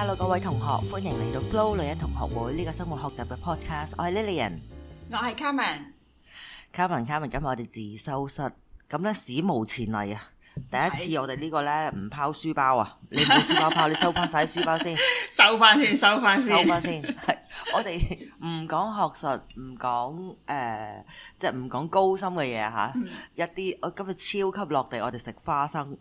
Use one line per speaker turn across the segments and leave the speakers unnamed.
Hello 各位同學，歡迎嚟到 Flo 女人同學會呢個生活學習嘅 podcast，我係 Lilian，
我係 Carmen，Carmen
Carmen，今日我哋自修室，咁咧史無前例啊，第一次我哋呢個咧唔拋書包啊，你冇書包拋，你收翻晒啲書包先，
收翻先，收翻先，收翻先，
係我哋唔講學術，唔講誒，即係唔講高深嘅嘢吓，一啲我今日超級落地，我哋食花生。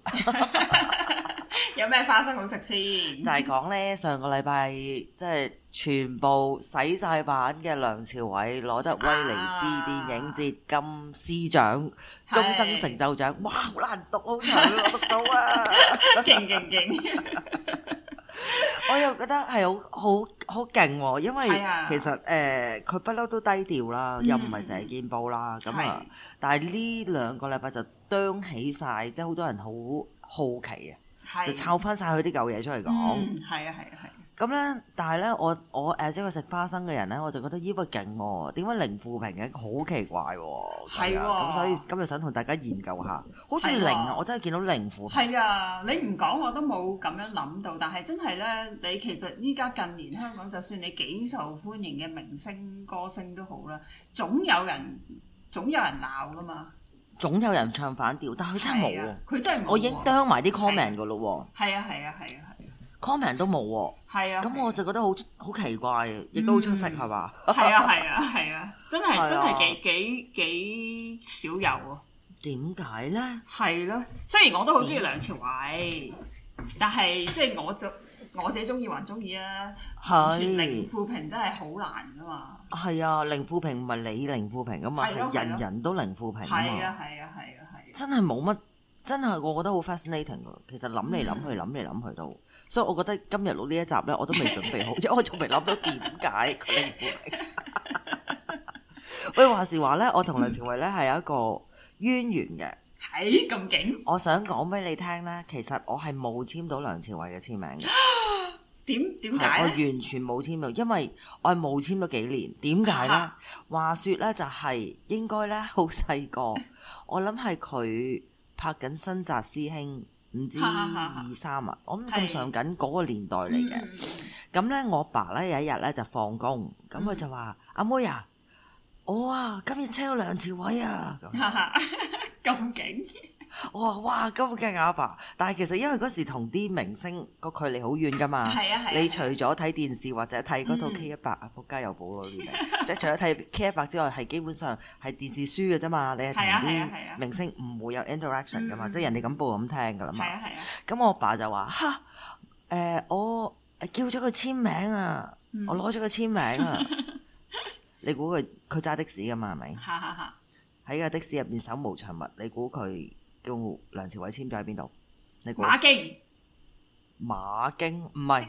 有咩花生好食先？就係
講呢，上個禮拜即係全部洗晒版嘅梁朝偉攞得威尼斯電影節金獅獎、終、啊、身成就獎，是哇！好難讀，好難，讀到啊！勁勁勁！ 我又覺得係好好好勁，因為其實誒，佢不嬲都低調啦，嗯、又唔係成日見報啦，咁啊，是但係呢兩個禮拜就掟起晒，即係好多人好好奇啊！啊、就湊翻晒佢啲舊嘢出嚟講，係、嗯、啊係啊係。咁咧、啊，但係咧，我我誒即係食花生嘅人咧，我就覺得依個勁喎，點解零富平零負評嘅？好奇怪喎、哦，係啊。咁、啊、所以今日想同大家研究下，好似零啊，我真係見到零負評。
係啊，你唔講我都冇咁樣諗到，但係真係咧，你其實依家近年香港，就算你幾受歡迎嘅明星歌星都好啦，總有人總有人鬧噶嘛。
總有人唱反調，但佢真係冇喎。佢、啊、真係冇、啊。我已經 down 埋啲 comment 㗎咯喎。係啊
係啊係啊係
啊，comment 都冇喎。係啊。咁我就覺得好好奇怪，亦都好出色係嘛？係啊係是吧
啊係啊，啊，真係真係幾幾幾少有喎、
啊。點解咧？
係咯、啊。雖然我都好中意梁朝偉，欸、但係即係我就。我自己中
意還中意啊！全零負評真係好難噶嘛！係啊，零負評唔係你零負評噶嘛，係人人都零負評啊嘛！係啊，係啊，係啊！真係冇乜，真係我覺得好 fascinating。其實諗嚟諗去，諗嚟諗去都，所以我覺得今日錄呢一集咧，我都未準備好，因為我仲未諗到點解佢零負評。喂，話時話咧，我同梁朝偉咧係有一個淵源嘅。
係咁勁！
我想講俾你聽咧，其實我係冇簽到梁朝偉嘅簽名。
點點解我完
全冇簽到，因為我係冇簽咗幾年。點解呢？話説呢， 說就係應該呢，好細個。我諗係佢拍緊新紮師兄，唔知二三啊。 我諗咁上緊嗰個年代嚟嘅。咁呢是，我爸呢有一日呢就放工，咁佢 就話： 阿妹啊，我、哦、啊今日簽咗梁朝偉啊，
咁勁！
我話、哦、哇咁嘅阿爸，但係其實因為嗰時同啲明星個距離好遠噶嘛，啊啊、你除咗睇電視或者睇嗰套 K 一百、嗯、啊撲街又補咗啲，即係 除咗睇 K 一百之外，係基本上係電視書嘅啫嘛，你係同啲明星唔會有 interaction 噶嘛，啊啊啊、即係人哋咁報咁聽噶啦嘛。咁、啊啊啊、我爸就話吓，誒、呃、我叫咗個簽名啊，嗯、我攞咗個簽名啊， 你估佢佢揸的士噶嘛係咪？喺 個的士入邊手無長物，你估佢？用梁朝偉簽咗喺邊度？你估？馬經，馬經唔係，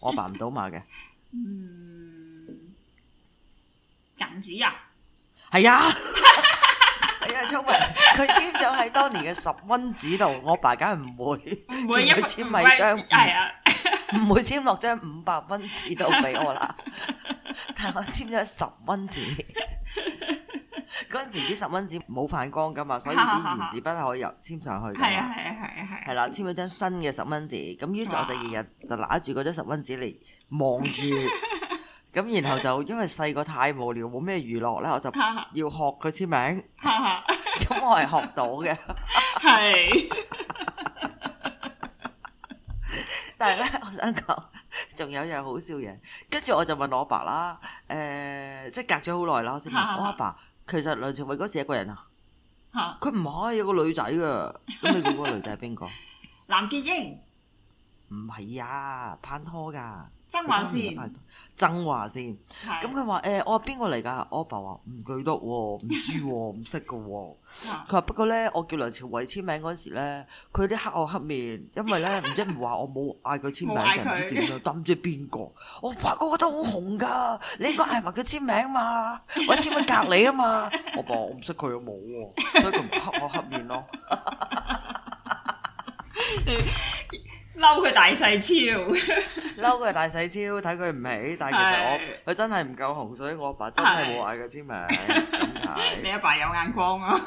我爸唔到馬嘅，
嗯，銀紙啊，
係啊，係啊，聰明，佢簽咗喺當年嘅十蚊紙度，我爸梗係唔會唔會簽埋張，係啊，唔會簽落張五百蚊紙度俾我啦，但係我簽咗十蚊紙。嗰陣時啲十蚊紙冇反光噶嘛，所以啲原子筆可以入簽上去嘅。係啊，係啊，係啊，係。係啦，簽咗張新嘅十蚊紙，咁於是我第二日就攞住嗰張十蚊紙嚟望住，咁 然後就因為細個太無聊冇咩娛樂咧，我就要學佢簽名。咁、 嗯、我係學到嘅，係。但係咧，我想講，仲有一樣好笑嘢。跟住我就問我阿爸啦，誒、呃，即係隔咗好耐啦，我先問我阿爸。 其實梁朝偉嗰時一個人啊，佢唔可以有個女仔噶，咁你估個女仔係邊個？藍潔瑛唔係啊，拍拖噶。曾話先，曾話先。咁佢話：誒是、欸，我係邊個嚟㗎？我阿爸話：唔記得喎，唔知喎，唔識嘅喎。佢話： 不過咧，我叫梁朝偉簽名嗰時咧，佢啲黑我黑面，因為咧唔知唔話我冇嗌佢簽名，唔 他知點啦，都唔知邊個。我話：嗰個都好紅㗎，你應該嗌埋佢簽名嘛，我簽喺隔離啊嘛。 我爸，我唔識佢啊冇喎，所以佢咪黑我黑面咯。 嬲佢大細超， 超，嬲佢大細超，睇佢唔起，但係其實我佢真係唔夠紅，所以我阿爸真係冇嗌佢簽名。
你阿爸，爸有眼光啊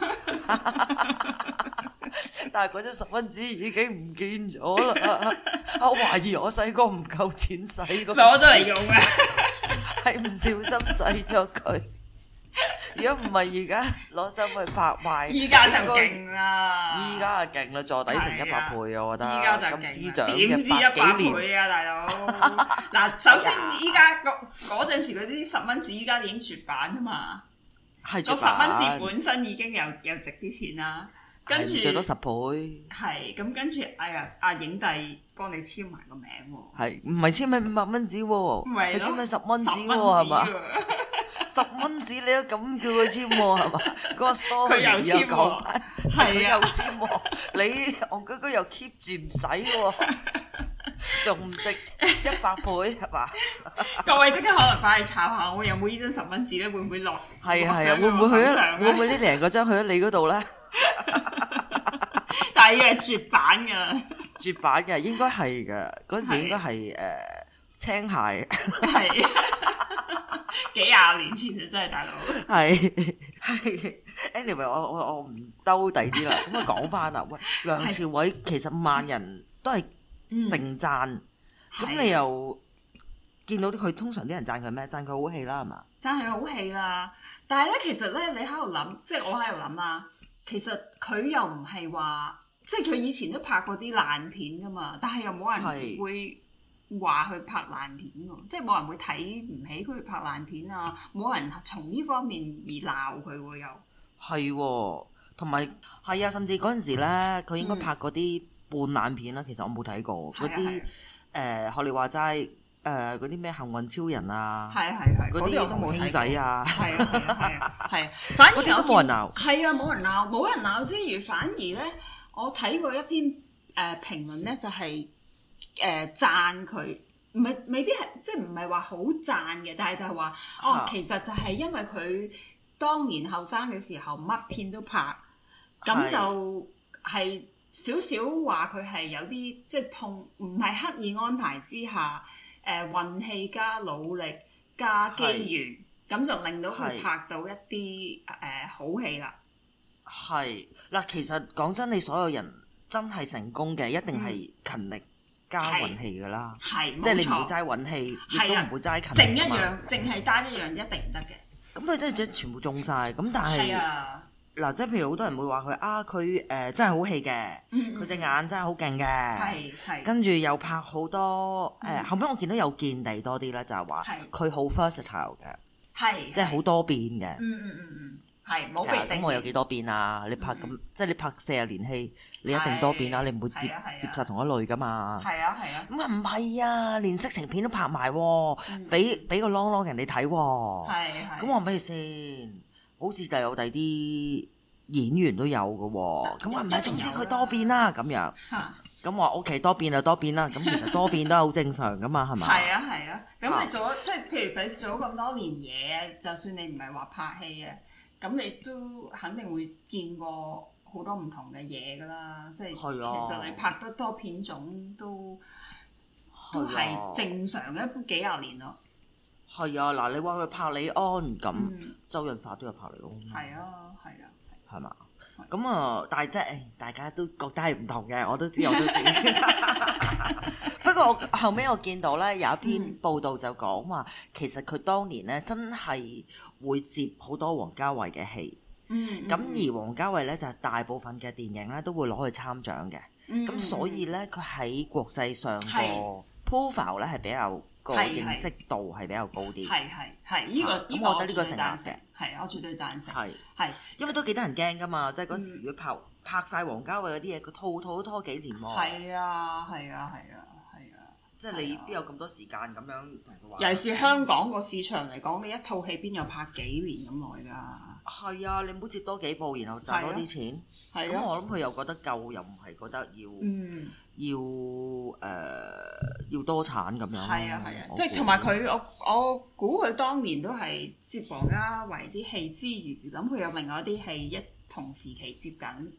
！
但係嗰張十蚊紙已經唔見咗啦， 我懷疑我細個唔夠錢使咁，攞咗嚟用啊！係唔小心洗咗佢。如果唔係而家攞手去拍賣，依家就勁啦！依家係勁啦，坐底成一百倍，我覺得咁思長嘅百倍啊！大佬嗱，首先依家嗰
嗰陣時嗰啲十蚊紙，依家已經絕版啊嘛，
個十蚊紙本
身已經有有值啲錢啦，跟住最多十倍。係咁，跟住哎呀，阿影帝幫你簽埋個名喎，
係唔係簽畀五百蚊紙喎？唔係簽畀十蚊紙喎，係嘛？十蚊紙你都咁叫佢簽喎係嘛？嗰個 story 又講翻，係啊，簽喎你王居居又 keep 住唔使喎，仲唔值一百倍係嘛？各位
即刻可能快去查下，我有冇呢張十蚊紙咧？會唔會落？
係啊係啊，會唔會去啊？會唔會呢零嗰張去咗你嗰度咧？
但係要係絕版㗎，
絕版㗎應該係㗎。嗰陣時應該係青蟹
係。幾廿
年前就 真係大佬，係 Anyway 我我 我唔兜底啲啦，咁啊講翻啦，喂，梁朝偉其實萬人都係盛讚，咁、嗯、你又見到啲佢通常啲人讚佢咩？讚佢好戲啦，係嘛？
讚佢好戲啦，但係咧其實咧你喺度諗，即係我喺度諗啊。其實佢、就是、又唔係話，即係佢以前都拍過啲爛片噶嘛，但係又冇人會。話佢拍爛片喎，即係冇人會睇唔起佢拍爛片啊！冇人從呢方面而鬧佢又
係，同埋係啊，甚至嗰陣時咧，佢應該拍嗰啲半爛片啦。其實我冇睇過嗰啲誒，學你話齋誒，嗰啲咩行運超人啊，係啊
係嗰啲嘢都冇睇仔啊，係啊係啊係啊，係啊，啊，啊。反而都冇、 啊、人鬧，係啊冇人鬧，冇人鬧之餘，反而咧，我睇過一篇誒、呃、評論咧，就係、是。誒、呃、讚佢，唔係未必係，即係唔係話好讚嘅，但係就係話，啊、哦，其實就係因為佢當年後生嘅時候，乜片都拍，咁是就係少少話佢係有啲即係碰，唔係刻意安排之下，誒、呃、運氣加努力加機緣，咁是就令到佢拍到一啲誒是、呃、好戲啦。
係嗱，其實講真，你所有人真係成功嘅，一定係勤力。嗯加運氣噶啦，即係你唔會齋運氣，亦都唔會齋勤力啊嘛。淨一樣，淨係單一樣一定唔
得嘅。
咁佢真係將全部中晒。咁但係嗱，即係譬如好多人會話佢啊，佢誒真係好戲嘅，佢隻眼真係好勁嘅，
跟住
又拍好多誒。後尾我見到有見地多啲啦，就係話佢好 versatile 嘅，
即係好
多變嘅。
係冇被定咁我有幾多
變啊？你拍咁即係你拍四十年戲，你一定多變啦！你唔會接接受同一類噶嘛？係啊係啊！咁啊唔係啊，連色情片都拍埋喎，俾俾個啷啷人哋睇喎。係係。咁話咩先？好似就有第啲演員都有嘅喎。咁話唔係，總之佢多變啦。咁樣。咁話 O K，多變就多變啦。咁其實多變都係好正常噶嘛，係咪？係啊係啊！咁你做咗
即係譬如俾做咗咁多年嘢，就算你唔係話拍戲嘅。咁你都肯定會見過好多唔同嘅嘢噶啦，即係、啊、其實你拍得多片種都、啊、都係正常嘅，幾廿年咯。
係啊，嗱，你話佢拍李安咁，周潤發都有拍李安，係、
嗯嗯、啊，
係啊，係嘛？咁啊，吧啊但係即係大家都覺得係唔同嘅，我都知，我都知。 不過後尾我見到咧有一篇報道就講話，其實佢當年咧真係會接好多王家衛嘅戲。嗯，咁而王家衛咧就係大部分嘅電影咧都會攞去參獎嘅。咁所以咧佢喺國際上個 profile 咧係比較個認識度係比較高啲。係
係係，呢個咁我覺得呢個成正。係，我絕對贊成。
係係，因為都幾得人驚噶嘛，即係嗰時如果拍拍曬王家衛嗰啲嘢，佢套套都拖幾年喎。係啊係啊係啊！即係你邊有咁多時間咁樣同佢話？尤其是香
港個市場嚟講，你一套戲邊有拍幾年咁耐㗎？
係啊，你唔好接多幾部，然後賺多啲錢。係啊。咁、啊、我諗佢又覺得夠，又唔係覺得要、嗯、要誒、呃、要多產咁樣。係啊係啊，啊我猜 即係同埋佢
我我估佢當年都係接王家衛啲戲之餘，咁佢有另外一啲戲一同時期接緊，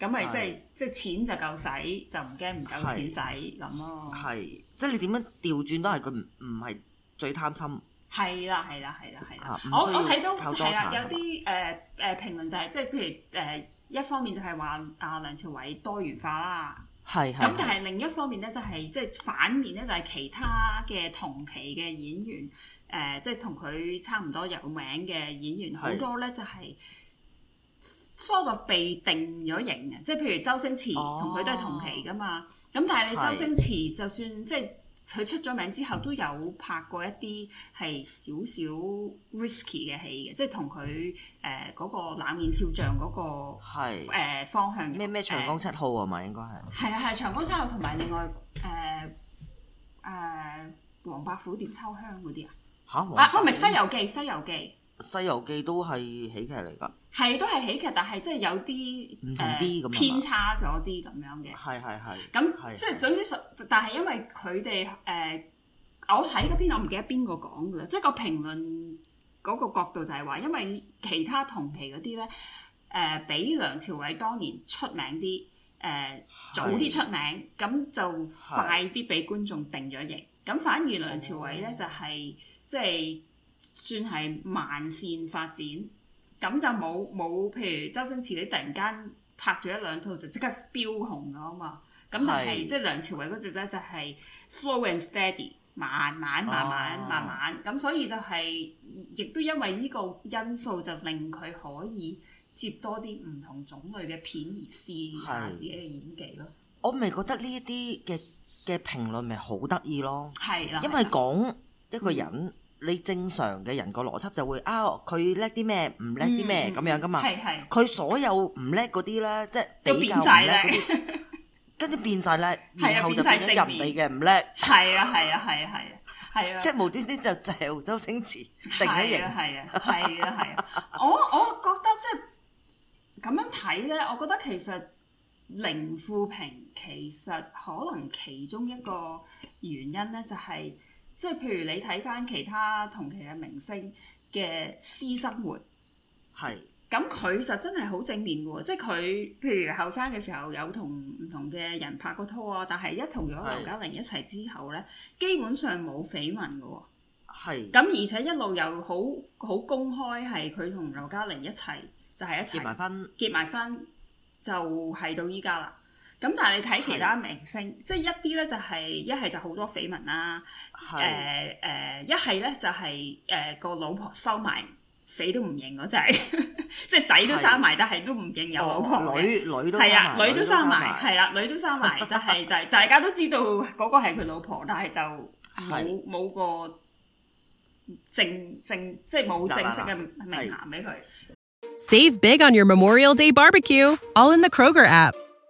咁咪即係即係錢就夠、是、使，就唔驚唔夠錢使
咁咯。係、啊。即係你點樣調轉都係佢唔唔係最貪心。
係啦係啦係啦係啦！我我睇到係啦，有啲誒誒評論就係、是、的即係譬如誒、呃、一方面就係話阿梁朝偉多元化啦。係係。咁但係另一方面咧就係即係反面咧就係其他嘅同期嘅演員誒、呃，即係同佢差唔多有名嘅演員好的多咧就係，所以被定咗型嘅。即係譬如周星馳同佢都係同期㗎嘛。的的咁、嗯、但係你周星馳，是就算即係佢出咗名之後，都有拍過一啲係少少 risky 嘅戲嘅，即係同佢誒嗰個冷面笑匠嗰個
誒方向。咩咩是、呃、長江七號啊嘛，呃、應該係。
係啊係長江七號同埋另外誒誒黃伯虎點秋香嗰啲啊吓？啊唔係西遊記西遊記。西
《西遊記》都係喜劇嚟噶，
係都係喜劇，但係即係有啲唔同啲咁偏差咗啲咁樣嘅。
係係係。咁即係總
之，但係因為佢哋誒，我睇嗰篇我唔記得邊個講噶啦，即係個評論嗰個角度就係話，因為其他同期嗰啲咧，誒、呃、比梁朝偉當年出名啲，誒、呃、是是 早啲出名，咁就快啲俾觀眾定咗型。咁 yes 對 反而梁朝偉咧就係、是就是就是就是、即係。算係慢線發展，咁就冇冇，譬如周星馳你突然間拍咗一兩套就即刻飆紅咗啊嘛。咁但係即係梁朝偉嗰隻咧就係、是、slow and steady，慢慢慢慢慢慢，咁、啊、所以就係、是、亦都因為呢個因素就令佢可以接多啲唔同種類嘅片而試下自己嘅演技咯。
我咪覺得呢一啲嘅嘅評論咪好得意咯，係啦，因為講一個人的。嗯。你正常嘅人個邏輯就會啊，佢叻啲咩？唔叻啲咩咁樣噶嘛？係，係。佢所有唔叻嗰啲咧，即係比較唔叻嗰啲，跟住變曬叻，然後就變咗人嚟嘅唔叻。
係啊，係啊，係啊，係啊，係啊，即係無
端端就就周星馳定咗型，係啊，係啊，
係啊，係啊，我我覺得即係咁樣睇咧，我覺得其實零負評其實可能其中一個原因咧，就係。即係譬如你睇翻其他同期嘅明星嘅私生活，係咁佢就真係好正面嘅喎。即係佢譬如後生嘅時候有同唔同嘅人拍過拖啊，但係一同咗劉嘉玲一齊之後咧，是基本上冇緋聞嘅喎。係咁是而且一路又好好公開係佢同劉嘉玲一齊就係、是、一齊結埋婚，結埋婚就係到依家啦。咁但係你睇其他明星，是即係一啲咧就係一係就好多緋聞啦。誒誒，一係咧就係誒個老婆收埋，死都唔認嗰隻， 即係仔都生埋，是但係都唔認。有老婆，哦、女
女都係啊，女都生埋，係
啦，女都生埋，就係、是、就係、是，大家都知道嗰個係佢老婆， 但係就冇冇是個正正，正即係冇正式嘅名銜俾佢。
是 Save big on your Memorial Day barbecue, all in the Kroger app.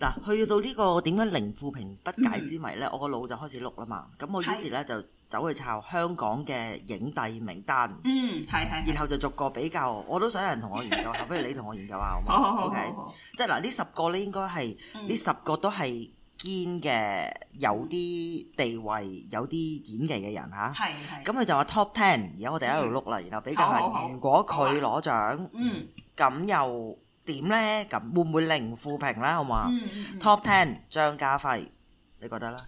嗱，去到呢個點樣零負評不解之謎呢，我個腦就開始碌啦嘛。咁我於是呢，就走去查香港嘅影帝名單。嗯，
然後就
逐個比較，我都想有人同我研究下，不如你同我研究下好嗎？好好好，OK 即係嗱，呢十個呢應該係呢十個都係堅嘅，有啲地位、有啲演技嘅人吓，係咁佢就話 top ten，而家我哋一路碌啦，然後比較，如果佢攞獎，咁又，點咧？咁會唔會零負評啦？好嘛 ？Top Ten 張家輝，你覺得咧？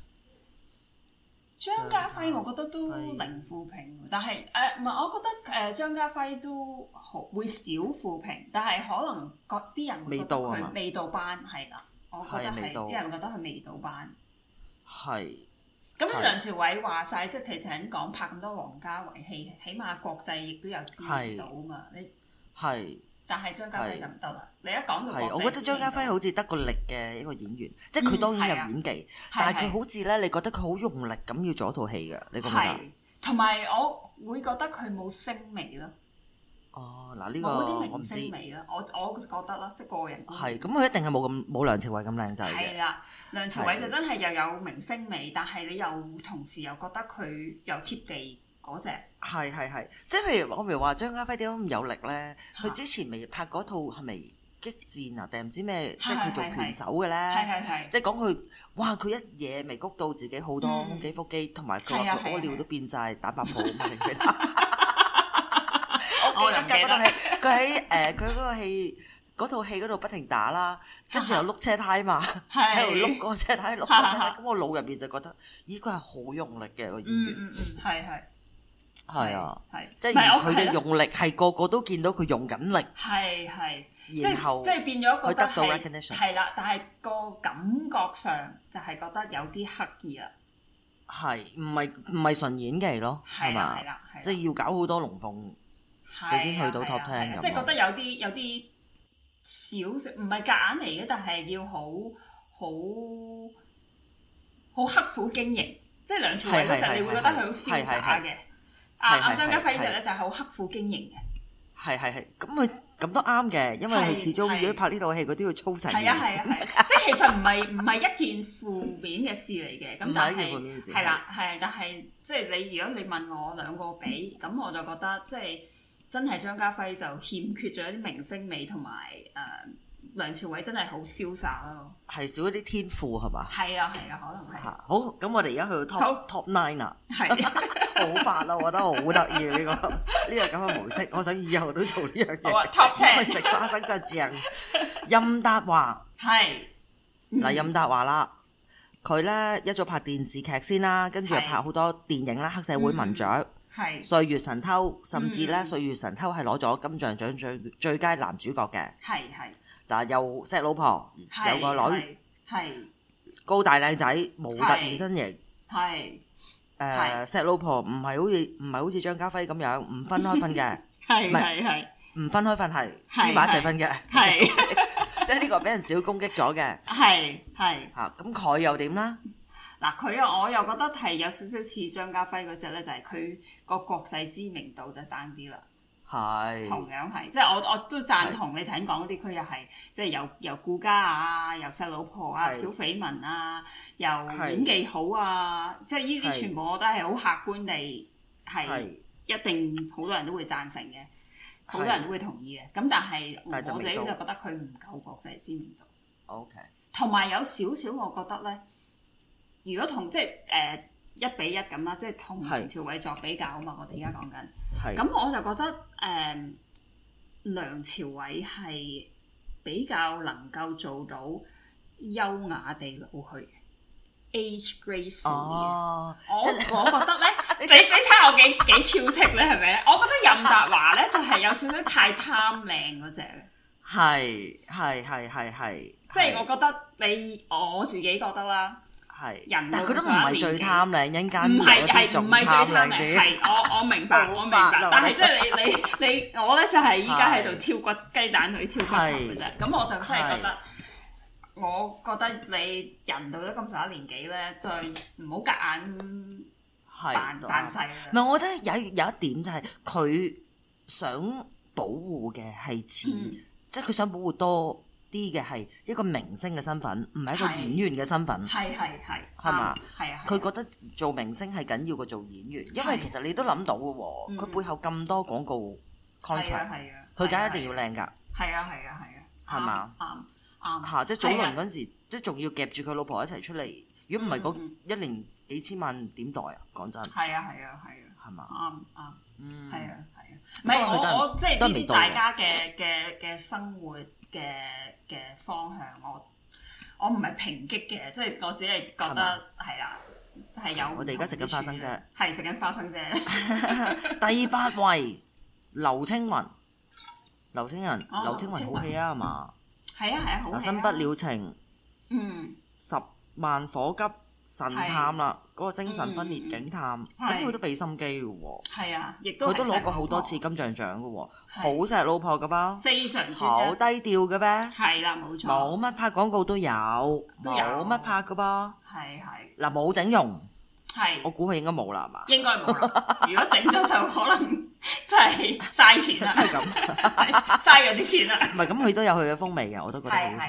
張家輝我覺得都零負評，是但係誒唔係我覺得誒張家輝都好會少負評，但係可能嗰啲人未到佢未到班係啦到，我覺得係啲人覺得係未到班。
係。咁梁朝
偉話晒，即係佢頭先講拍咁多王家衛戲，起碼國際亦都有知道啊嘛？你係。但係張家輝就唔得啦，你一講就係。係，我覺得張家
輝好似得個力嘅一個演員，即係佢當然有演技，但係佢好似咧，你覺得佢好用力咁要做一套戲嘅，你覺唔覺得？
同埋我會覺得佢冇星味咯。
哦，嗱呢個我知。嗰啲明星味
咯，我我覺得咯，即係個人觀。係，咁
佢一定係冇咁冇梁朝偉咁靚仔嘅。係
啦，梁朝偉就真係又有明星味，但係你又同時又覺得佢又貼地。嗰隻
係係係，即係譬如我咪話張家輝點解咁有力咧？佢之前咪拍嗰套係咪激戰啊？定唔知咩？即係佢做拳手嘅咧。係係係，即係講佢哇！佢一嘢未谷到自己好多胸肌腹肌，同埋佢話個屙尿都變晒蛋白粉。我記得㗎，嗰套戲佢喺誒佢嗰個戲嗰套戲嗰度不停打啦，跟住又碌車胎嘛，喺度碌個車胎，碌個車胎。咁我腦入邊就覺得，咦？佢係好用力嘅個演員。嗯嗯嗯，係啊，
即係佢嘅用
力係個個都見到佢用緊力，
係係，然後即係變咗佢得到 recognition，係啦，但係個感覺上就係覺得有啲刻意啦，係唔
係唔係純演技咯，係嘛，即係要搞好多龍鳳，
佢先去到 top ten 即係覺得有啲有啲少少，唔係夾硬嚟嘅，但係要好好好刻苦經營，即係梁朝偉嗰陣你會覺得佢好瀟灑嘅。
啊！係係係係，張家輝其實咧就係
好刻苦經營嘅，
係係係。咁佢咁都啱嘅，因為佢始終如果拍呢套戲，佢是都要操神，係啊係啊
係， 即係其實唔係唔係一件負面嘅事嚟嘅。咁但係係啦，係，但係即係你如果你問我兩個比，咁我就覺得即係真係張家輝就欠缺咗啲明星美同埋誒。呃梁朝偉真
係好瀟灑咯，係少一啲天賦係嘛？係啊係
啊，可能係。
好，咁我哋而家去到 top top nine 啦，好拍啊！我覺得好得意啊！呢個呢個咁嘅模式，我想以後都做呢樣嘢。哇！Top ten 食花生真係正。任達華係嗱，任達華啦，佢咧一早拍電視劇先啦，跟住又拍好多電影啦，黑社會文雀係《歲月神偷》，甚至咧《歲月神偷》係攞咗金像獎最最佳男主角嘅，係係。嗱，又錫老婆，有個女，高大靚仔，模特兒身形，係誒錫老婆，唔係好似唔係好似張家輝咁樣唔分開瞓嘅，係係係唔分開瞓係，黐埋一齊瞓嘅，係即係呢個俾人少攻擊咗嘅，
係係
吓咁佢又點啦？
嗱，佢啊，我又覺得係有少少似張家輝嗰隻咧，就係佢個國際知名度就爭啲啦。
係，是同樣
係，即係我我都贊同你頭先講嗰啲，佢又係即係又由顧家啊，又細老婆啊，是小緋聞啊，又演技好啊，是即係呢啲全部我都係好客觀地係
一
定好多人都會贊成嘅，
好是多人都會
同意嘅。咁是但係我哋咧就覺得佢唔夠國際知名度。
OK，
同埋有少少我覺得咧，如果同即係誒。呃一比一咁啦，即係同梁朝偉作比較啊嘛，我哋而家講緊。咁我就覺得誒，梁朝偉係比較能夠做到優雅地老去，age gracefully 我我覺得咧，你你睇下我幾幾挑剔咧，係咪？我覺得任達華咧就係有少少太貪靚嗰隻咧。
係係係係係，即係我覺
得你我自己覺得啦。係人，但係佢都唔係最貪
靚，人家唔係唔係最貪靚，係，我
我明白，我明白，但係即係你你你，我咧就係而家喺度挑骨雞蛋裏挑骨頭。咁我就真係覺得，我覺得你人到咗咁上下年紀咧，就唔好夾硬扮扮細。唔係，我覺
得有有一點就係佢想保護嘅係錢，即係佢想保護多。啲嘅係一個明星嘅身份，唔係一個演員嘅身份。係
係係，係嘛？係啊，佢
覺得做明星係緊要過做演員，因為其實你都諗到嘅喎，佢背後咁多廣告 contract，佢梗係一定要靚㗎。係啊係
啊係啊，係嘛？啱啱
嚇，即係早輪嗰陣時，即仲要夾住佢老婆一齊出嚟。如果唔係嗰一年幾千萬點袋啊？講真。係
啊係啊係啊。係嘛？啱啱嗯，係啊。唔係我我即係呢啲大家嘅嘅嘅生活嘅嘅方向，我我唔係抨擊嘅，即係我只係覺得係啊，係嗎有。我哋而
家食緊花生啫，
係食緊花生啫。
第八位劉青雲，劉青雲，oh, 劉青雲好戲啊，係嘛、嗯？
係啊係啊，好戲啊。那新不了情，嗯，
十萬火急。神探啦，嗰個精神分裂警探，咁佢都畀心機嘅
喎，係啊，亦都，佢都攞過好多
次金像獎嘅喎，好錫老婆㗎噃，非常
專注，好低調嘅咩？係啦，冇錯，
冇乜拍廣告都有，有乜拍㗎噃？係係嗱，冇整容，
係，我
估佢應該冇啦，係嘛？
應該冇啦，如果整咗就可能真係嘥錢啦，係咁，嘥咗啲錢啦。
唔係咁，佢都有佢嘅風味嘅，我都覺得好好睇。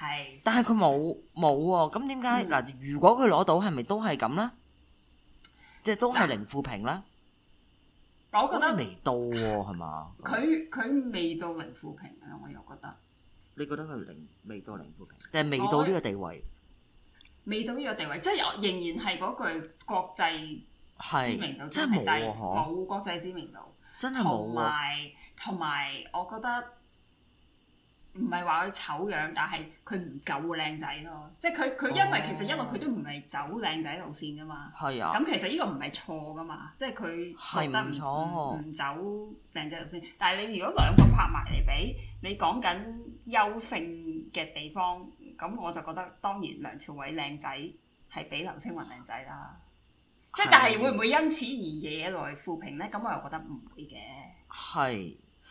係，但係佢冇冇喎，咁點解嗱？如果佢攞到，係咪都係咁咧？即係都係零負評啦。
我覺得未
到喎，係嘛？
佢佢未到零負評咧，我又覺得。
你覺得佢零未到零負評？定係未到呢個地位，
未到呢個地位，即係仍然係嗰句國際
知名度真係冇，冇
國際知名度，真係冇。同埋同埋，我覺得。唔係話佢醜樣，但係佢唔夠靚仔咯，即係佢佢因為、oh. 其實因為佢都唔係走靚仔路線噶嘛，係啊，咁其實呢個唔係錯噶嘛，即係佢覺得唔錯，唔、嗯、走靚仔路線。但係你如果兩個拍埋嚟比，你講緊優勝嘅地方，咁我就覺得當然梁朝偉靚仔係比劉青雲靚仔啦，即係的但係會唔會因此而惹來負評咧？咁我又覺得唔會嘅，係。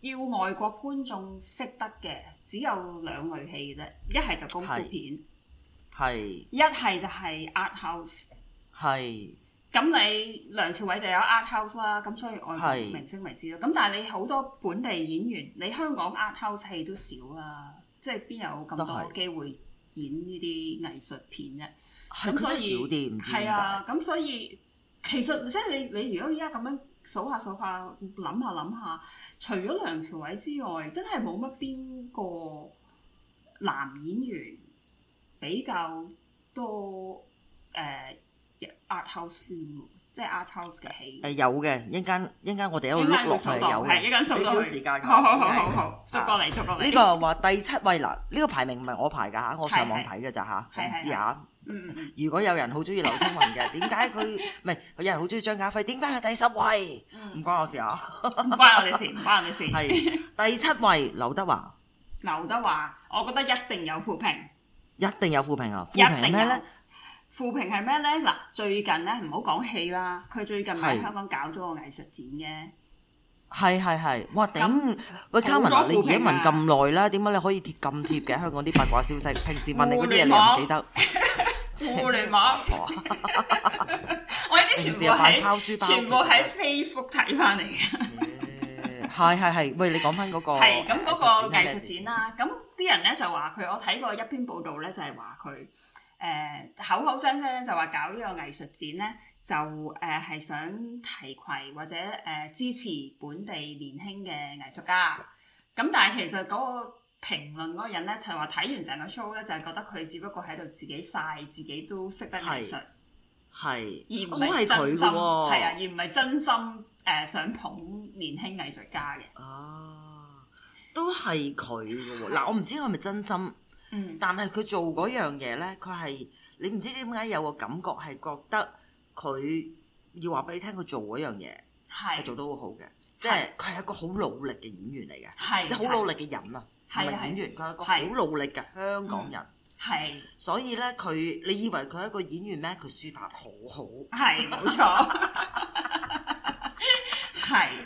要外國觀眾識得嘅只有兩類戲嘅啫，一係就功夫片，係一係就係 art house，係咁你梁朝偉就有 art house 啦，咁所以外國明星咪知咯。咁但係你好多本地演員，你香港 art house 戲都少啦，即係邊有咁多機會演呢啲藝術片
啫？咁所以係啊，
咁所以其實即係你你如果依家咁樣。數下數下，諗下諗下，除咗梁朝偉之外，真係冇乜邊個男演員比較多誒、呃、art house film 即係 art house 嘅戲。誒、
呃，有嘅，一陣間一陣間我哋一路錄係有嘅，幾少時間。好好好好好，逐個嚟逐個嚟。呢個話第七位啦，呢個排名唔係我排噶吓，我上網睇嘅咋吓，唔知啊。的嗯，如果有人好中意劉青雲嘅，點解佢唔係？有人好中意張家輝？點解佢第十位？唔、嗯、關我事啊，唔 關我哋事，唔關我哋事。係 第七位劉德華。
劉德華，我覺得一定有負評，
一定有負評啊！負評係咩咧？
負評係咩咧？嗱，最近咧唔好講戲啦，佢最近喺香港搞咗個藝術展嘅。
係係係，哇頂！喂，Carmen 你而家問咁耐啦，點解你可以貼咁貼嘅？香港啲八卦消息，平時問你嗰啲嘢你又唔記得？互聯
網，我有啲全部係，全部喺 Facebook 睇翻嚟
嘅。係係係，喂，你講翻嗰個藝術
展啦，咁啲人咧就話佢，我睇過一篇報道咧，就係話佢。誒、呃、口口聲聲咧就話搞呢個藝術展咧，就誒係、呃、想提携或者誒、呃、支持本地年輕嘅藝術家。咁但係其實嗰個評論嗰個人咧，就話、係、睇完成個 show 咧，就係覺得佢只不過喺度自己晒，自己都識得藝術，
係而唔係真心，
係啊，啊，而唔係真心誒想捧年輕藝術家
嘅。哦、啊，都係佢嘅。嗱，我唔知佢係咪真心。嗯，但係佢做嗰樣嘢咧，佢係你唔知點解有個感覺係覺得佢要話俾你聽佢做嗰樣嘢
係，係做得
好好嘅，是即係佢係一個好努力嘅演員嚟嘅，係是即係好努力嘅人啊。唔係是演員，佢係是一個好努力嘅香港人，係，所以咧佢你以為佢係一個演員咩？佢書法好好，係冇錯，係。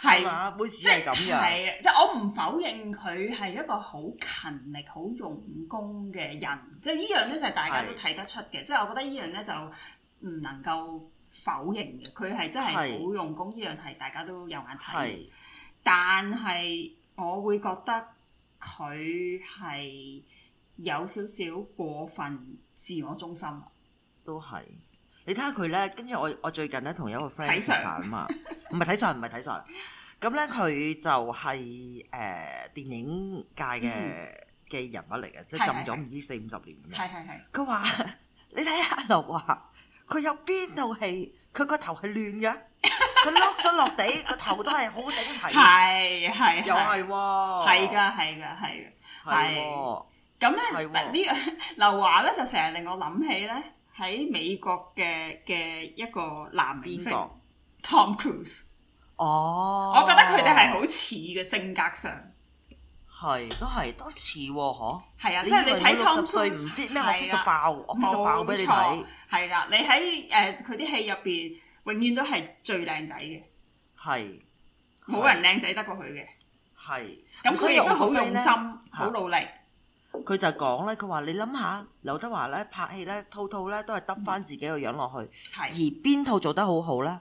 係啊，每次即係咁樣，係啊，
即係、即係、我唔否認佢係一個好勤力、好用功嘅人，即係呢樣咧，就係、大家都睇得出嘅。即係係，我覺得呢樣咧就唔能夠否認嘅，佢係真係好用功，呢樣係大家都有眼睇。係，但係我會覺得佢係有少少過分自我中心，
都係。你睇下佢咧，跟住我，我最近咧同一個 friend 食飯啊嘛，唔係睇晒，唔係睇晒。咁咧佢就係誒電影界嘅嘅人物嚟嘅，即係浸咗唔知四五十年咁樣。係係係。佢話：你睇下劉華，佢有邊套戲，佢個頭係亂嘅，佢碌咗落地，個頭都係好整齊。係係，又係喎。係㗎，係㗎，係㗎。係喎。咁咧，呢個
劉華咧就成日令我諗起咧，喺美國嘅嘅一個男演員 Tom Cruise，
哦，我覺得佢
哋係好似嘅，性格上，
係都係都似喎，嚇，係啊，即係你睇 Tom Cruise 唔 fit 咩？我 fit 到爆，我 fit 到爆俾你睇，
係啦，你喺誒佢啲戲入邊，永遠都係最靚仔嘅，
係冇人靚
仔得過佢嘅，
係。咁佢亦都好用心，好努力。佢就講咧，佢話你諗下，劉德華咧拍戲咧，套套咧都係得翻自己個樣落去。嗯、而邊套做得好好呢？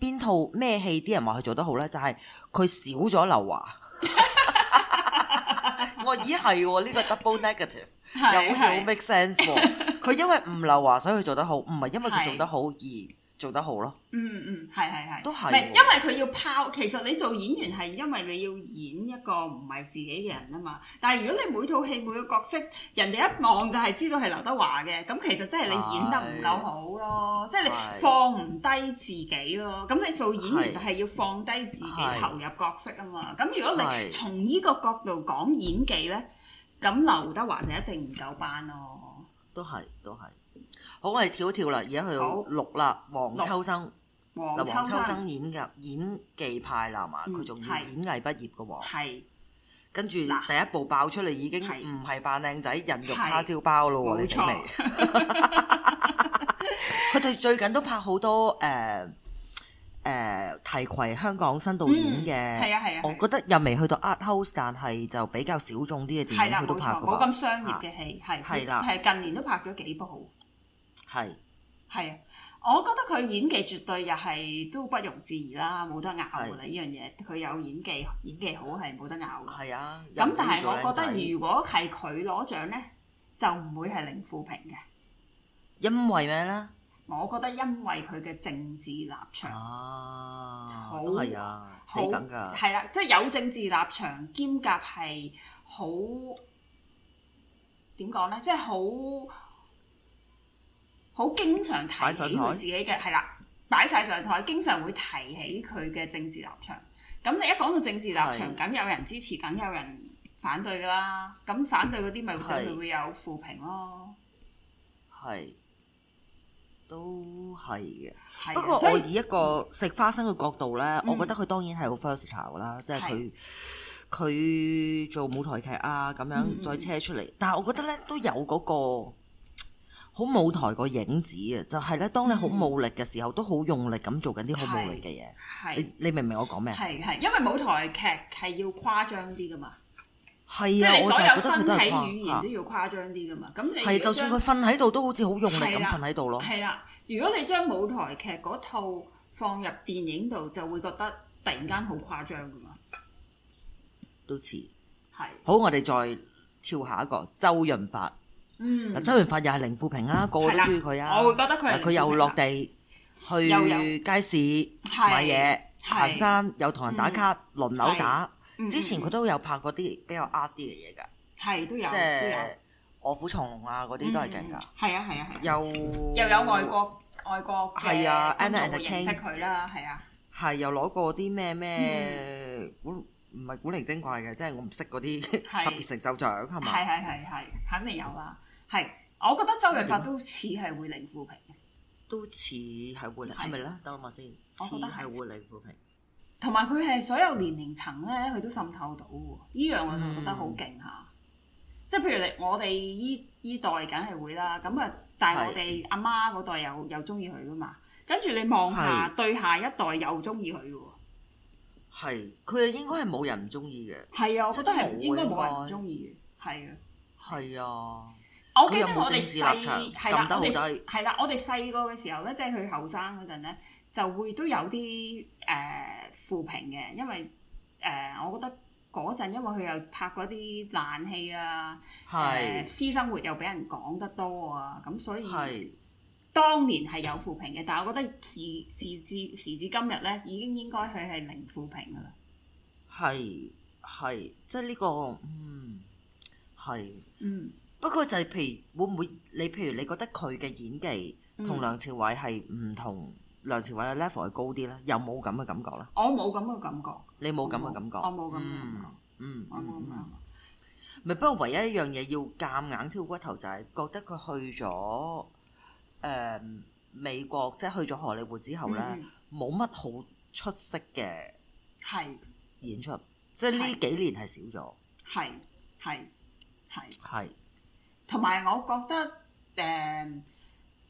邊套咩戲啲人話佢做得好呢？就係、係、佢少咗劉華。 我咦係喎？呢、哦呢個 double negative 又好似好 make sense 佢、哦、 因為唔劉華，所以佢做得好，唔係因為佢做得好 而。做得好咯，嗯
嗯，係係係，都係，是因為佢要拋。其實你做演員係因為你要演一個唔係自己嘅人啊嘛。但係如果你每套戲每個角色，人哋一望就係知道係劉德華嘅，咁其實真係你演得唔夠好咯，是即係你放唔低自己咯。咁是你做演員就係要放低自己，投入角色啊嘛。咁是如果你從呢個角度講演技呢，咁劉德華就一定唔夠班咯。
都係，都係。好，我哋跳一跳啦，而家去到六啦。黃秋生，
嗱，黃秋生
演嘅演技派啦，嘛？佢仲要演藝畢業嘅喎。係，跟住第一部爆出嚟已經唔係扮靚仔人肉叉燒包咯，你出嚟，佢哋最近都拍好多誒誒提携香港新導演嘅，係啊係啊。我覺得又未去到 art house，但係就比較小眾啲嘅電影，佢都拍嘅嘛。冇咁商業嘅戲，係
係啦，係近年都拍咗幾部。係，係啊是！我覺得佢演技絕對又係都不容置疑啦，冇得拗噶啦呢樣嘢。佢是有演技，演技好係冇得拗。係啊，
咁但係我覺得如
果係佢攞獎咧，就唔會係零負評嘅。
因為咩咧？
我覺得因為佢嘅政治立
場，好、啊，係好啊，死梗噶，係
啦，即係有政治立場兼夾係好點講咧，即係好。好經常提起佢自己嘅係啦，擺曬上台，經常會提起佢嘅政治立場。咁你一講到政治立場，梗的有人支持，梗有人反對噶啦。咁反對嗰啲咪會咪有負評咯。
係，都係嘅。的不過我以一個食花生嘅角度咧，我覺得佢當然係好 versatile 嘅啦，即係佢佢做舞台劇啊咁樣再車出嚟。嗯嗯、但係我覺得咧都有嗰、嗰個。好舞台個影子啊！就係咧，當你好冇力嘅時候，嗯、都好用力咁做緊啲好冇力嘅嘢。係是，你明唔明我講咩啊？
係，因為舞台劇係要誇張啲噶嘛。
係啊，我就覺得身體語言都
要誇張啲噶嘛。咁、啊、你係就算佢瞓喺
度，都好似好用力咁瞓喺度咯。係
啦、啊啊，如果你將舞台劇嗰套放入電影度，就會覺得突然間好誇張噶嘛。
都似像係是好，我哋再跳下一個周潤發。嗯，嗱，周潤發又係零負評啊，個個都中意佢啊，我會覺得佢，佢又落地去街市買嘢，行山又同人打卡，輪流打。
之前佢
都有拍過啲比較 h 啲嘅嘢㗎，係都有，即係臥虎藏龍啊，嗰啲都係正㗎。係啊
係啊係。又又有外國外國嘅，我仲認識佢啦，
係啊。係又攞過啲咩咩古唔係古靈精怪嘅，即係我唔識嗰啲特別成就獎係嘛？係
係係係，肯定有啦。係，我覺得周潤發都似係會零負評
嘅，都似係會，係咪咧？等下嘛先，我覺得係會零負評。
同埋佢係所有年齡層咧，佢都滲透到喎。依樣我就覺得好勁嚇，嗯、即係譬如你我哋依依代梗係會啦，咁啊的，但係我哋阿媽嗰代又又中意佢噶嘛，跟住你望下的對下一代又中意佢嘅喎。
係，佢應該係冇人唔中意嘅，
係啊的，我覺得係應該冇人唔中意嘅，
係啊，係啊。我記得我哋細
係啦，我哋細係啦，我哋細個嘅時候咧，即係佢後生嗰陣咧，就會都有啲誒負評嘅，因為誒、呃，我覺得嗰陣因為佢又拍嗰啲爛戲啊，誒是、呃，私生活又俾人講得多啊，咁所以是當年係有負評嘅，但係我覺得時時至時，時，時至今日咧，已經應該佢係零負評噶啦，係
係即係、這、呢個嗯係嗯。不過就係，譬如會唔會你譬如你覺得佢嘅演技同梁朝偉係唔同？梁朝偉嘅 level 係高啲咧？有冇咁嘅感覺咧？
我冇咁嘅感覺。你冇咁嘅感
覺？我冇咁嘅感覺。嗯，我冇咁
嘅感
覺。咪不過唯一一樣嘢要夾硬挑骨頭就係覺得佢去咗誒美國，即係去咗荷里活之後咧，冇乜好出色嘅演出。係，即係呢幾年係少咗。
係係係係。同埋我覺得誒，嗯、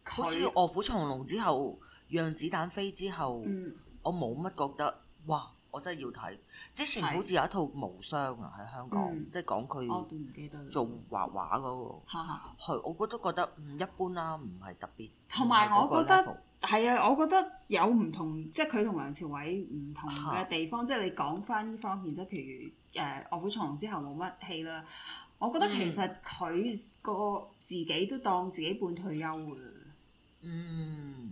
他好似《卧虎藏龍》之後，《讓子彈飛》之後，
嗯、
我冇乜覺得哇！我真係要睇。之前好似有一套無雙啊，喺香港即係講佢做畫畫嗰、嗰
個，
係我覺得覺得唔一般啦，唔係特別。同埋有我覺得係
啊，我覺得有唔同，即係佢同梁朝偉唔同嘅地方。即係、啊、你講翻呢方面，即係譬如誒《卧虎藏龍》之後冇乜戲啦。我覺得其實佢個自己都當自己半退休嘅，嗯，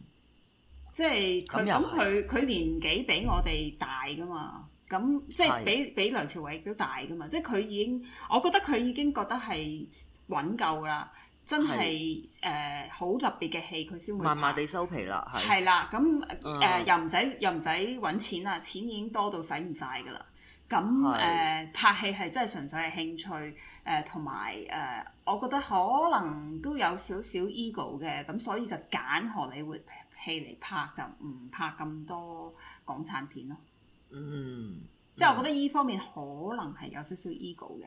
即係佢咁佢佢年紀比我哋大噶嘛，咁即係比是比梁朝偉都大噶嘛，即係佢已經，我覺得佢已經覺得係揾夠噶啦，真係誒好特別嘅戲佢先會慢慢
地收皮啦，係係
啦，咁誒、嗯呃、又唔使又唔使揾錢啦，錢已經多到使唔晒噶啦，咁誒是、呃、拍戲係真係純粹係興趣。誒同埋誒，我覺得可能都有少少 ego 嘅，咁所以就揀荷里活戲嚟拍，就唔拍咁多港產片咯。嗯，嗯即係我覺得呢方面可
能係有少少 ego 嘅，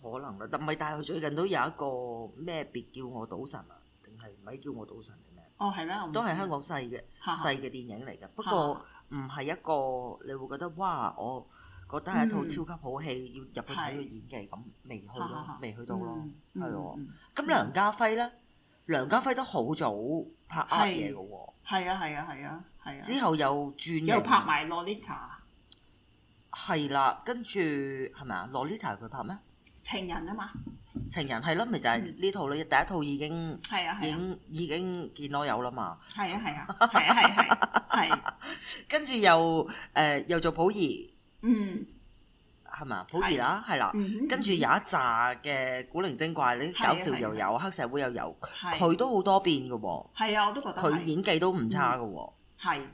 可能啦。但係但係最近都有一個咩？別叫我賭神啊，定係唔係叫我賭神定
咩？哦，係咩？都係香港
細嘅細嘅電影嚟嘅。 不過唔係一個，你會覺得哇，我。覺得係一套超級好戲，要入去睇個演技，咁未去咯，未去到咯，係喎。咁梁家輝咧，梁家輝都好早拍啱嘢嘅喎。係啊係啊係啊
係啊。之
後又轉咗又拍
埋《Lolita》。
係啦，跟住係咪啊？《Lolita》佢拍咩？
情人啊嘛。
情人係咯，咪就係呢套咯。第一套已經係啊，已經已經見到有啦嘛。
係啊係啊，係啊係係係。
跟住又誒又做溥儀。嗯，係咪啊？溥儀啦，係啦，跟住有一紮嘅古靈精怪，你搞笑又有，黑社會又有，佢都好多變噶喎。
係啊，我都覺得佢
演技都唔差噶。
係，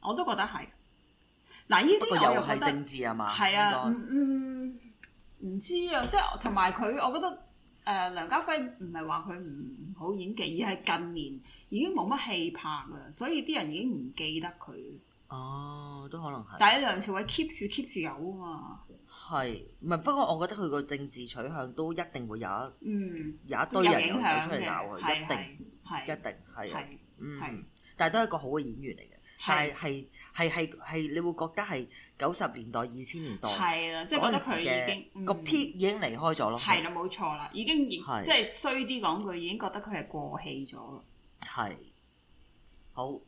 我都覺得係。
嗱，呢啲又係政治啊嘛。係
啊，唔唔知啊，即係同埋佢，我覺得誒梁家輝唔係話佢唔好演技，而係近年已經冇乜戲拍啦，所以啲人已經唔記得佢。
哦，都可能係。但係梁
朝偉 keep 住 keep 住有啊嘛。
係，唔係？不過我覺得佢個政治取向都一定會有
一，有
一堆人又走出嚟鬧佢，一定，一定係，嗯。但係都係一個好嘅演員嚟嘅，但係係係係，你會覺得係九十年代、二千年代係啦，即係覺得佢已經個 p 已經離開咗咯，係啦，
冇錯啦，已經即係衰啲講句，已經覺得佢係過氣咗啦。
係，好，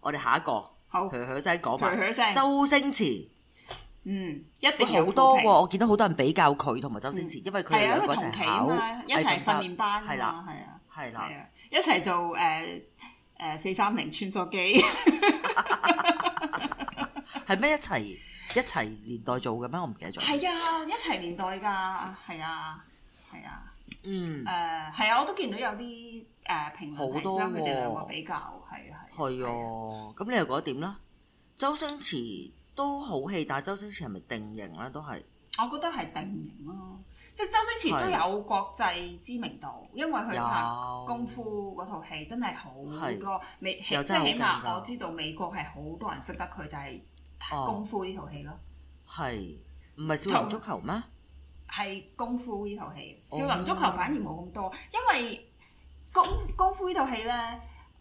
我哋下一個。好，佢佢先講埋周星馳。嗯，
一好多、啊、我
見到好多人比較佢同埋周星馳，嗯、因為佢哋兩個一齊考，一齊訓練
班係啦，係啊，
係啦，係啊，
一齊、啊、做誒誒四三零穿梭機，
係 咩 一齊一齊年代做嘅咩？我唔記得咗。係啊，
一齊年代噶，係啊，係啊。嗯，誒係、uh, 啊，我都見到有啲誒評論好多將佢哋兩個比較，
係啊係。係啊，咁、啊、你又覺得點咧？周星馳都好戲，但係周星馳係咪定型啦、啊？都係，
我覺得係定型咯、啊。即係周星馳都有國際知名度，是因為佢拍功夫嗰套戲真係好多美，即係是起碼我知道美國係好多人識得佢、嗯、就係功夫呢套戲咯。
係，唔係少林足球咩？
係功夫呢套戲，哦、少林足球反而冇咁多，因為功夫功夫戲呢套戲咧，誒、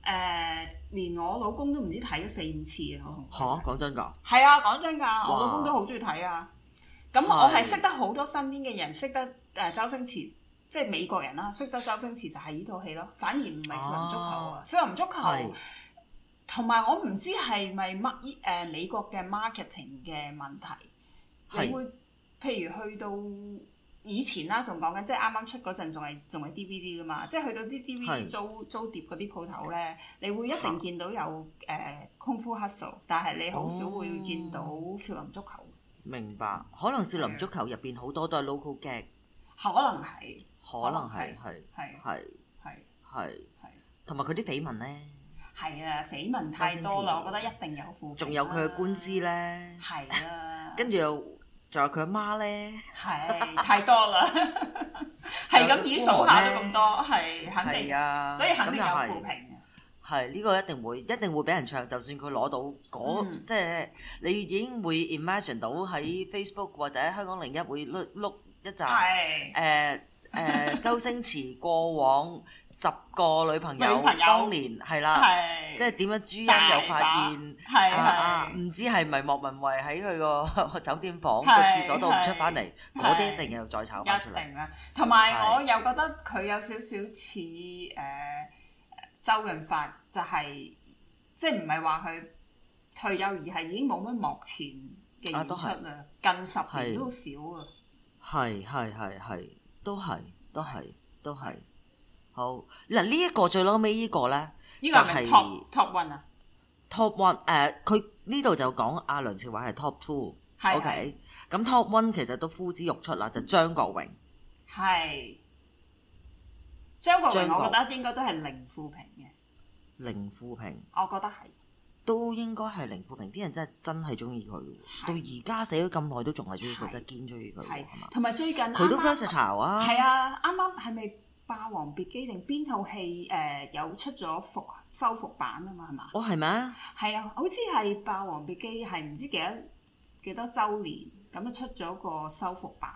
呃，連我老公都唔知睇咗四五次啊！吓，
講真噶，
係啊，講真噶，哇我老公都好中意睇啊。
咁我係是識
得好多身邊嘅人，識得誒周星馳，即、就、係、是、美國人啦，識得周星馳就係呢套戲咯。反而唔係少林足球啊！少林足球同埋是我唔知係咪乜？誒，美國嘅 marketing 嘅問題係會。是譬如去到以前啦，仲講緊，即係啱啱出嗰陣，仲係仲係 DVD 㗎嘛。即係去到啲 DVD 租租碟嗰啲鋪頭咧，你會一定見到有誒功夫 Hustle，但係你好少會見到少林足球。
明白，可能少林足球入邊好多都係 local gag，
可能係，
可能係，係，係，係，係，係，同埋佢啲緋聞咧，
係啊，緋聞太多啦，我覺得一定有
負。仲有佢嘅官司咧，係啦，跟住又。就係佢阿媽咧，係太多啦，係咁已數下都咁
多，係肯定，啊，所以肯定有負評。
係呢個一定會，一定會俾人唱。就算佢攞到嗰，即係你已經會 imagine 到喺 Facebook 或者香港零一會碌碌一陣誒。誒，周星馳過往十個女朋友，當年係啦，即係點樣？朱茵又發現係啊，唔知係咪莫文蔚喺佢個酒店房個廁所度唔出翻嚟？嗰啲一定又再炒翻出嚟。肯定啦，
同埋我又覺得佢有少少似誒周潤發，就係即係唔係話佢退休而係已經冇乜幕前嘅演出啦，近十年都好少
啊，係係係係。都係，都係，都係。好嗱，呢一個最嬲尾呢個咧，呢個係 Top Top One 啊，Top One 誒，佢呢度就講阿梁朝偉係 Top Two，OK，咁 Top One 其實都呼之欲出啦，就張國榮，
係張國榮我覺得應該都係零負評嘅，
零負評，
我覺得係。
都應該係零負評，啲人真係真係中意佢到而家死咗咁耐都仲係中意佢，真係堅中意佢，係嘛？同
埋最近佢都
Versace 啊，係
啊，啱啱係咪《霸王別姬》定邊套戲誒有出咗復修復版啊嘛？係嘛？哦，係咩？係啊，好似係《霸王別姬》係唔知幾多幾多周年咁啊，出咗個修復版。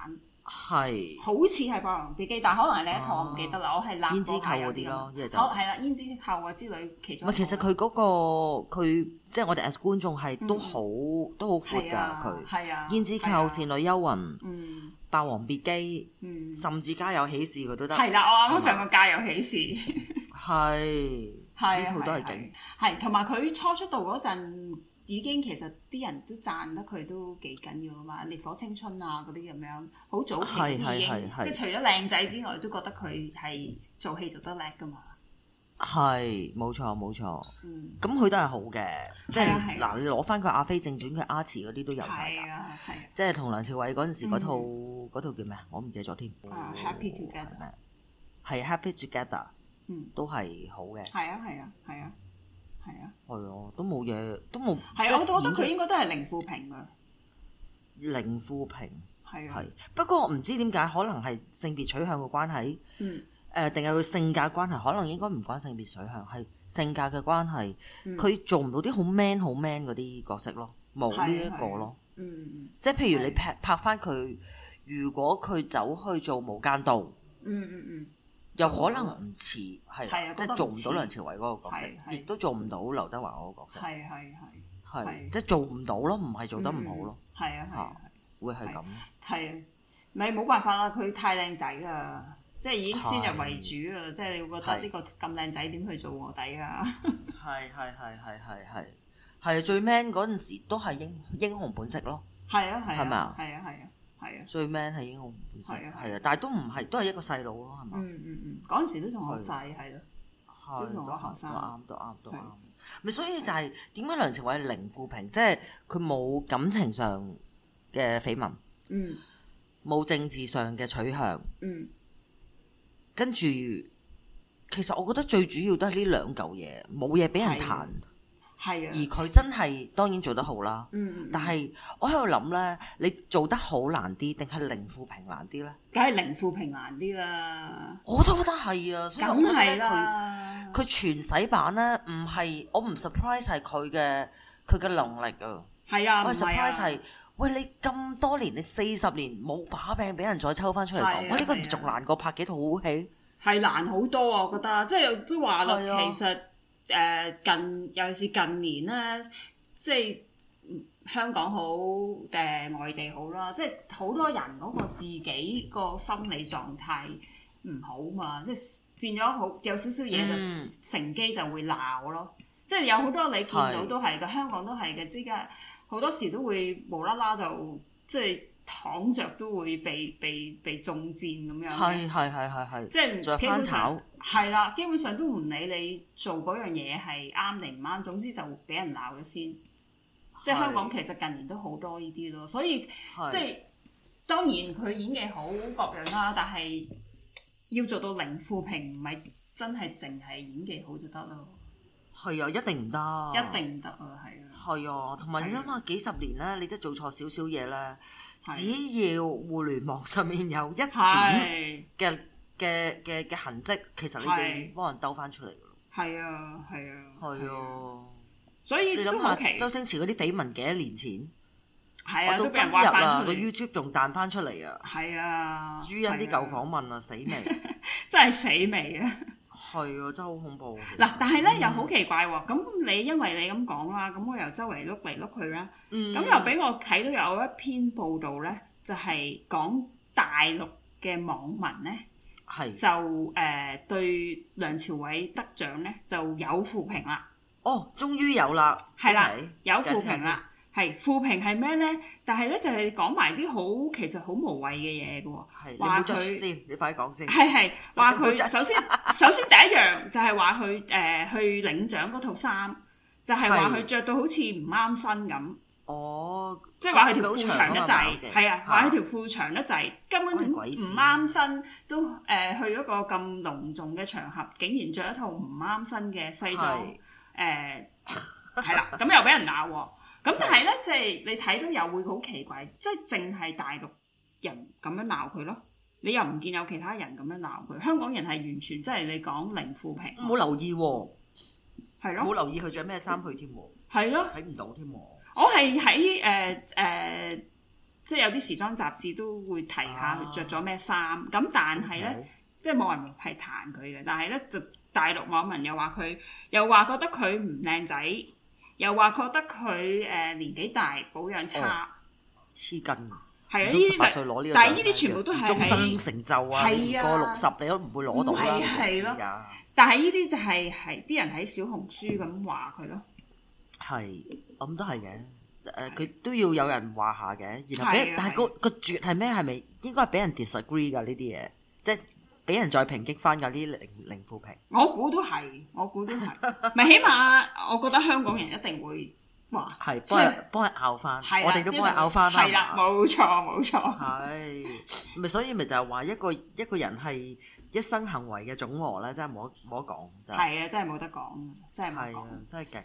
係，好
似係《霸王別姬》，但可能係另一套，我唔記得啦。我係《胭脂扣》嗰啲咯，好係啦，《胭脂扣》啊之類其中。唔係，
其實佢嗰個佢即係我哋 as 觀眾係都好都好闊㗎佢。係啊，胭脂扣、倩女幽魂、霸王別姬，甚至家有喜事佢都得。係啦，我啱啱上個
家有喜事，
係係呢套都係勁，
係同埋佢初出道嗰陣，已經其實啲人都贊得佢都幾緊要啊嘛，《烈火青春啊》啊嗰啲咁樣，好早前已經係係係係即係除咗靚仔之外，係係都覺得佢係做戲做得叻噶嘛。
係，冇錯冇錯。錯嗯，咁佢都係好嘅，即係嗱，你攞翻佢阿飛正傳佢阿慈嗰啲都有曬㗎，啊啊、即係同梁朝偉嗰陣時嗰套嗰、嗯、套叫咩啊？我唔記得咗添。哦、h、uh,
Happy Together
係 Happy Together，都係好嘅。
係、嗯、啊，係啊，係啊。
係啊，係啊，都冇嘢，都冇。係啊，我都覺得佢應該
都係零負評嘅。
零負評，係啊，係。不過我唔知點解，可能係性別取向嘅關係，嗯，誒，定係佢性格關係，可能應該唔關性別取向，係性格嘅關係。佢做唔到啲好 man 好 man 嗰啲角色咯，冇呢一個咯。嗯嗯，即係譬如你拍拍返佢，如果佢走去做無間道，嗯嗯嗯。
又可能唔
似，係即係做唔到梁朝偉嗰個角色，亦都做唔到劉德華嗰個角色。係係係，係即係做唔到咯，唔係做得唔好咯。係啊係啊，會係咁。
係，咪冇辦法啦！佢太靚仔啊，即係已經先入為主啊！即係你會覺得呢個咁靚仔點去做臥底啊？
係係係係係係，係最 man 嗰陣時都係英英雄本色咯。
係啊係啊，係啊係啊。
係啊，最 man 係英雄本身，係啊，但係都唔係，都係一個細佬咯，係
嘛？嗯嗯嗯，嗰陣時都仲好細，係咯，都仲學生，都啱，
都啱，都啱。咪所以就係點解梁朝偉係零負評？即係佢冇感情上嘅緋聞，嗯，冇政治上嘅取向，嗯，跟住其實我覺得最主要都係呢兩嚿嘢，冇嘢俾人彈。係啊，而佢真係當然做得好啦。嗯，但係我喺度諗咧，你做得好難啲，定係零負評難啲咧？梗係零負評難啲啦。我都覺得係啊，所以我覺得佢佢全洗版咧，唔係我唔 surprise 係佢嘅佢嘅能力啊。係啊，啊我 surprise 係喂，你咁多年，你四十年冇把柄俾人再抽翻出嚟講，我呢、啊啊這個仲難過拍幾套好戲，係難好多啊！我覺得即係都話啦，其實、啊。誒近尤其是近年
咧，即係香港好誒外地好啦，即係好多人嗰個自己個心理狀態唔好嘛，即係變咗好有少少嘢就乘機就會鬧咯。即係有好多你見到都係嘅，香港都係嘅，即家好多時都會無啦啦就即係躺着都會被被被中箭咁樣。係
係係係係。即係再翻炒。
係啦，基本上都唔理你做嗰樣嘢係啱定唔啱，總之就俾人鬧咗先。的即係香港其實近年都好多呢啲咯，所以的即係當然佢演技好各樣啦，但係要做到零負評唔係真係淨係演技好就得咯。
係啊，一定唔得，一定唔得啊，係啊。係啊，同埋因為幾十年咧，的你即係做錯少少嘢咧，的只要互聯網上面有一點嘅的。的嘅嘅嘅痕跡，其實你哋已幫人兜翻出嚟㗎喇。
係啊，係
啊，係啊。所以你諗下，周星馳嗰啲緋聞幾多年前，
係啊，都俾人挖翻出嚟。個
YouTube 仲彈翻出嚟啊！
係啊，朱茵啲
舊訪問啊，死未，
真係死未啊！
係啊，真係好恐怖嗱。但係咧又
好奇怪喎。咁你因為你咁講啦，咁我又周圍碌嚟碌去啦，
咁又俾
我睇到有一篇報道咧，就係講大陸嘅網民咧。就誒對梁朝偉得獎咧就有負評啦！哦，終於有啦，係啦，有負評啦，係負評係咩咧？但係咧，就係講埋啲好其實好無謂嘅嘢嘅
喎。係，你冇著先，你快啲講先。係係，
話佢首先首先第一樣就係話佢誒去領獎嗰套衫，就係話佢著到好似唔啱身咁。
哦。即係話佢條褲長得滯，係啊！
話佢條褲長得滯，根本唔啱身，都誒去嗰個咁隆重嘅場合，竟然着一套唔啱身嘅西裝，誒係啦，咁又俾人鬧。咁但係咧，即係你睇到又會好奇怪，即係淨係大陸人咁樣鬧佢咯。你又唔見有其他人咁樣鬧佢？香港人係完全即係你講零負評。冇留意
喎，係咯，冇留意佢着咩衫去添，係咯，睇唔到添。
我係喺誒誒，即係有啲時裝雜誌都會提下佢着咗咩衫，咁、啊、但係咧，Okay. 即係冇人係彈佢嘅。但係咧，就大陸網民又話佢，又話覺得佢唔靚仔，又話覺得佢誒年紀大，保養差，
黐筋、哦。係啊，呢啲係攞呢啲全部都係終身成就啊！啊，過六十你都唔會攞到啦、啊，係咯是。
但係呢啲就係係啲人喺小紅書咁話佢咯。
係，咁都係嘅。誒，佢都要有人話下嘅，然後俾，但係個個絕係咩？係咪應該係俾人 disagree 噶呢啲嘢？即係俾人再抨擊翻嗰啲零零負評。
我估都係，我估都係，咪起碼我覺得香港人一定會話，係幫人
幫佢拗翻，我哋都幫佢拗翻。係啦，冇錯冇錯。係咪？所以咪就係話一個一個人係一生行為嘅總和咧，真係冇冇得講。就係啊，
真係冇得講，真係冇講，
真係勁。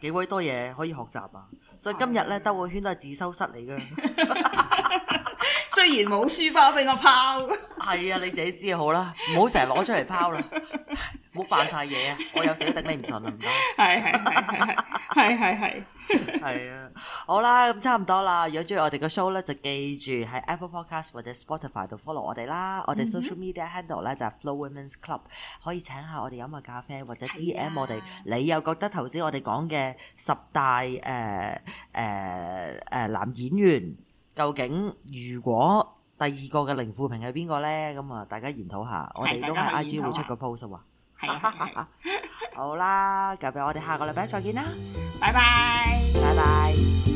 幾位多嘢可以學習啊！所以今日咧，兜個圈都係自修室嚟噶。 雖然冇書包俾我拋。係啊，你自己知就好啦，唔好成日攞出嚟拋啦，唔好扮晒嘢啊！我有少頂你唔順啊，唔該。係係係係係係。 係啊， 好啦，咁、嗯、差唔多啦。如果中意我哋嘅 show 咧，就記住喺 Apple Podcast 或者 Spotify 度 follow 我哋啦。嗯、哼我哋 social media handle 咧就係 Flo Women's Club，可以請下我哋飲下咖啡或者 DM 我哋。啊、你又覺得頭先我哋講嘅十大誒誒誒男演員，究竟如果第二個嘅零負評係邊個咧？咁啊，大家研討下，的我哋都喺 IG 會出個 post 啊、嗯哼。好啦，咁不如我哋下個禮拜再見啦，
拜拜，拜拜。